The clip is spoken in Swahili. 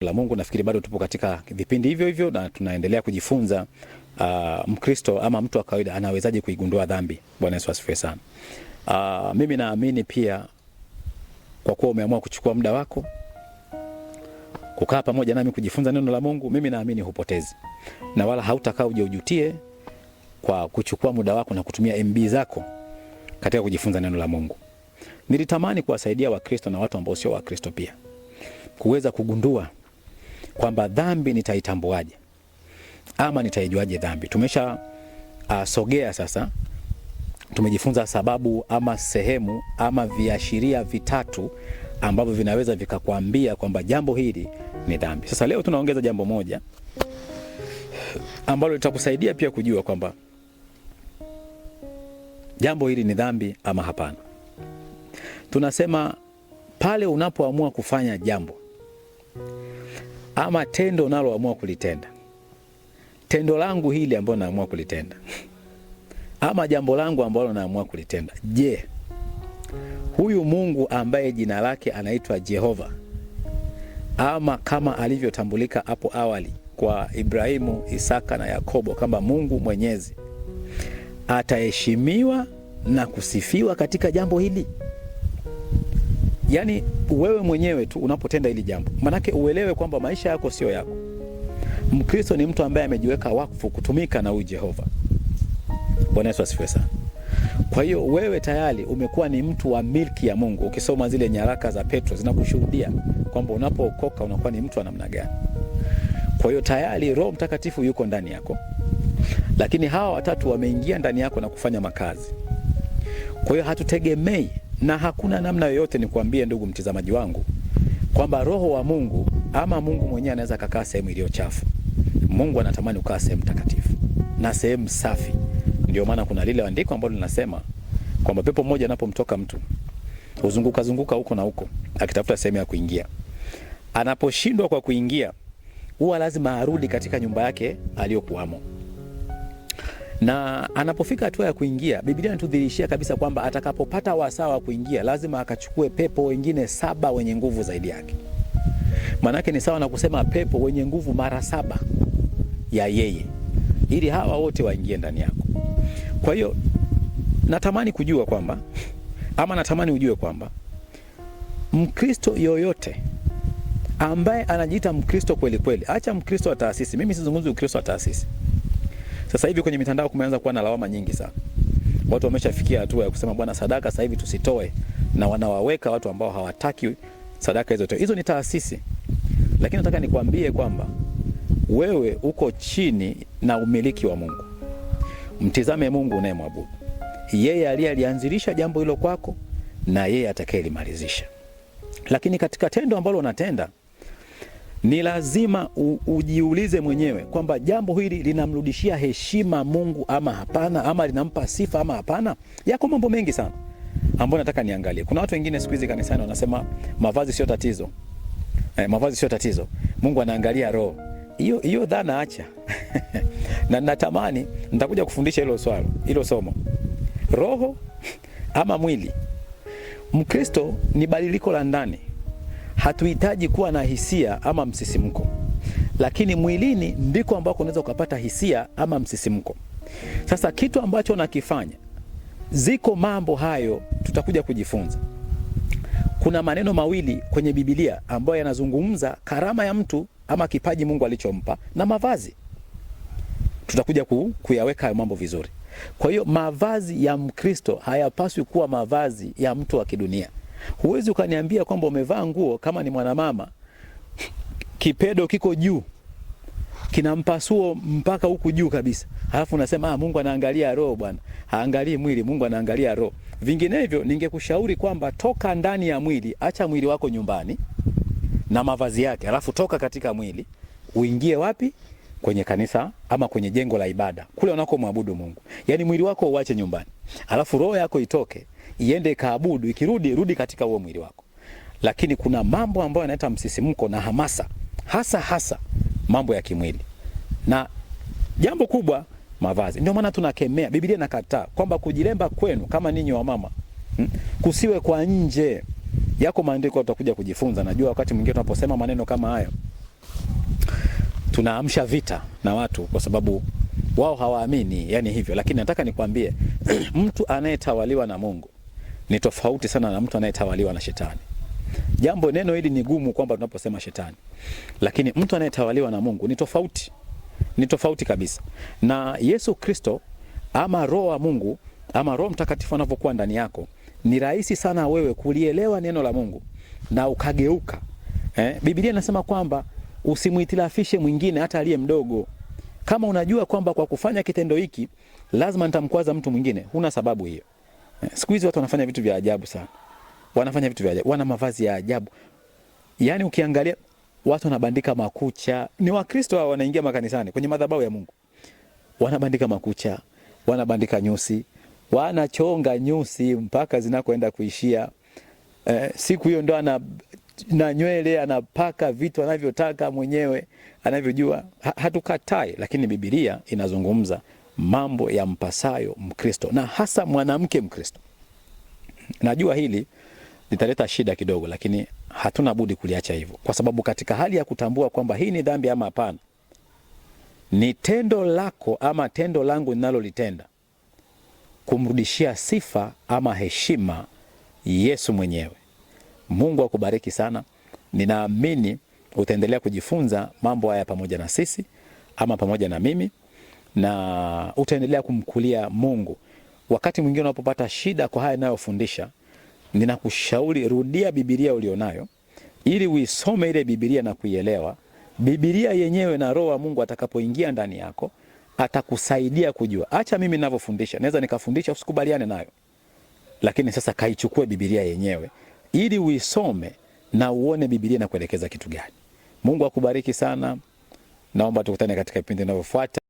la Mungu. Nafikiri bado tupo katika vipindi hivyo hivyo na tunaendelea kujifunza uh, Mkristo ama mtu wa kawaida anawezaje kuigundua dhambi. Bwana Yesu asifiwe sana. Uh, mimi naamini pia kwa kuwa umeamua kuchukua muda wako kukaa pamoja nami kujifunza neno la Mungu, mimi naamini hupotezi na wala hautakaa uje ujutie kwa kuchukua muda wako na kutumia MB zako katika kujifunza neno la Mungu. Nilitamani kuwasaidia Wakristo na watu ambao sio Wakristo pia kuweza kugundua kwamba dhambi nitaitambuaje ama nitaijuaje dhambi. Tumesha uh, sogea sasa, tumejifunza sababu ama sehemu ama viashiria vitatu ambavyo vinaweza vikakwambia kwamba jambo hili ni dhambi. Sasa leo tunaongeza jambo moja ambalo litakusaidia pia kujua kwamba jambo hili ni dhambi ama hapana. Tunasema pale unapoamua kufanya jambo ama tendo unaloamua kulitenda, tendo langu hili ambalo naamua kulitenda ama jambo langu ambalo naamua kulitenda, je, huyu Mungu ambaye jina lake anaitwa Jehova ama kama alivyotambulika hapo awali kwa Ibrahimu, Isaka na Yakobo kama Mungu Mwenyezi ataheshimiwa na kusifiwa katika jambo hili? yani wewe mwenyewe tu unapotenda hili jambo, manake uelewe kwamba maisha yako sio yako. Mkristo ni mtu ambaye amejiweka wakfu kutumika na huyu Jehova. Bwana Yesu asifiwe sana. Kwa hiyo wewe tayari umekuwa ni mtu wa milki ya Mungu. Ukisoma zile nyaraka za Petro zinakushuhudia kwamba unapookoka unakuwa ni mtu wa namna gani. Kwa hiyo tayari Roho Mtakatifu yuko ndani yako, lakini hawa watatu wameingia ndani yako na kufanya makazi. Kwa hiyo hatutegemei na hakuna namna yoyote kuambie ndugu mtizamaji wangu, kwamba roho wa Mungu ama Mungu mwenyewe anaweza kukaa sehemu iliyo chafu. Mungu anatamani ukaa sehemu takatifu na sehemu safi. Ndio maana kuna lile andiko ambalo linasema kwamba pepo mmoja anapomtoka mtu huzunguka zunguka huko na huko akitafuta sehemu ya kuingia. Anaposhindwa kwa kuingia, huwa lazima arudi katika nyumba yake aliyokuwamo na anapofika hatua ya kuingia, Biblia inatudhihirishia kabisa kwamba atakapopata wasaa wa kuingia lazima akachukue pepo wengine saba wenye nguvu zaidi yake. Maanake ni sawa na kusema pepo wenye nguvu mara saba ya yeye, ili hawa wote waingie ndani yako. Kwa hiyo natamani kujua kwamba ama natamani ujue kwamba Mkristo yoyote ambaye anajiita Mkristo kweli kweli, acha Mkristo wa taasisi. Mimi sizungumzi Ukristo wa taasisi sasa hivi kwenye mitandao kumeanza kuwa na lawama nyingi sana. Watu wameshafikia hatua ya kusema bwana, sadaka sasa hivi tusitoe, na wanawaweka watu ambao hawataki sadaka hizo Hizo ni taasisi, lakini nataka nikwambie kwamba wewe uko chini na umiliki wa Mungu. Mtizame Mungu unayemwabudu, yeye alianzilisha jambo hilo kwako na yeye atakayelimalizisha. Lakini katika tendo ambalo unatenda ni lazima u, ujiulize mwenyewe kwamba jambo hili linamrudishia heshima Mungu ama hapana, ama linampa sifa ama hapana. Yako mambo mengi sana ambayo nataka niangalie. Kuna watu wengine siku hizi kanisani wanasema mavazi sio tatizo. Eh, mavazi sio tatizo, Mungu anaangalia roho. Hiyo hiyo dhana acha. na natamani nitakuja kufundisha hilo swali, hilo somo, roho ama mwili. Mkristo ni badiliko la ndani hatuhitaji kuwa na hisia ama msisimko, lakini mwilini ndiko ambako unaweza ukapata hisia ama msisimko. Sasa kitu ambacho nakifanya, ziko mambo hayo tutakuja kujifunza. Kuna maneno mawili kwenye Biblia ambayo yanazungumza karama ya mtu ama kipaji Mungu alichompa na mavazi. Tutakuja ku, kuyaweka hayo mambo vizuri. Kwa hiyo mavazi ya Mkristo hayapaswi kuwa mavazi ya mtu wa kidunia. Huwezi ukaniambia kwamba umevaa nguo kama ni mwanamama, kipedo kiko juu kinampasuo mpaka huku juu kabisa, alafu unasema ah, Mungu anaangalia roho. Bwana haangalii mwili, Mungu anaangalia roho. Vinginevyo ningekushauri kwamba toka ndani ya mwili, acha mwili wako nyumbani na mavazi yake, alafu toka katika mwili uingie wapi? Kwenye kanisa ama kwenye jengo la ibada kule unako Mungu. Yani mwili wako uache nyumbani, alafu roho yako itoke iende ikaabudu, ikirudi rudi katika huo mwili wako. Lakini kuna mambo ambayo yanaleta msisimko na hamasa, hasa hasa mambo ya kimwili, na jambo kubwa mavazi. Ndio maana tunakemea, Biblia inakataa kwamba kujiremba kwenu kama ninyi wa mama hmm, kusiwe kwa nje yako. Maandiko tutakuja kujifunza, najua wakati mwingine tunaposema maneno kama hayo tunaamsha vita na watu kwa sababu wao hawaamini yani hivyo, lakini nataka nikwambie mtu anayetawaliwa na Mungu ni tofauti sana na mtu anayetawaliwa na shetani. Jambo neno hili ni gumu kwamba tunaposema shetani, lakini mtu anayetawaliwa na Mungu ni tofauti, ni tofauti kabisa. Na Yesu Kristo ama Roho wa Mungu ama Roho Mtakatifu anavyokuwa ndani yako, ni rahisi sana wewe kulielewa neno la Mungu na ukageuka. Eh, Biblia inasema kwamba usimuitilafishe mwingine hata aliye mdogo. Kama unajua kwamba kwa kufanya kitendo hiki lazima nitamkwaza mtu mwingine, huna sababu hiyo. Siku hizi watu wanafanya vitu vya ajabu sana, wanafanya vitu vya ajabu, wana mavazi ya ajabu. Yaani ukiangalia watu wanabandika makucha, ni Wakristo hao, wanaingia makanisani kwenye madhabahu ya Mungu, wanabandika makucha, wanabandika nyusi, wanachonga nyusi mpaka zinakoenda kuishia. Eh, siku hiyo ndo ana na nywele anapaka vitu anavyotaka mwenyewe anavyojua. Hatukatai, lakini Biblia inazungumza mambo ya mpasayo Mkristo na hasa mwanamke Mkristo. Najua hili litaleta shida kidogo, lakini hatuna budi kuliacha hivyo, kwa sababu katika hali ya kutambua kwamba hii ni dhambi ama hapana, ni tendo lako ama tendo langu ninalolitenda kumrudishia sifa ama heshima Yesu mwenyewe. Mungu akubariki sana. Ninaamini utaendelea kujifunza mambo haya pamoja na sisi ama pamoja na mimi na utaendelea kumkulia Mungu. Wakati mwingine unapopata shida kwa haya inayofundisha, ninakushauri rudia Biblia ulionayo ili uisome ile Biblia na kuielewa Biblia yenyewe, na Roho wa Mungu atakapoingia ndani yako atakusaidia kujua. Acha mimi ninavyofundisha, naweza nikafundisha usikubaliane nayo, lakini sasa kaichukue Biblia yenyewe ili uisome na uone Biblia inakuelekeza kitu gani. Mungu akubariki sana. Naomba tukutane katika kipindi vinavyofuata.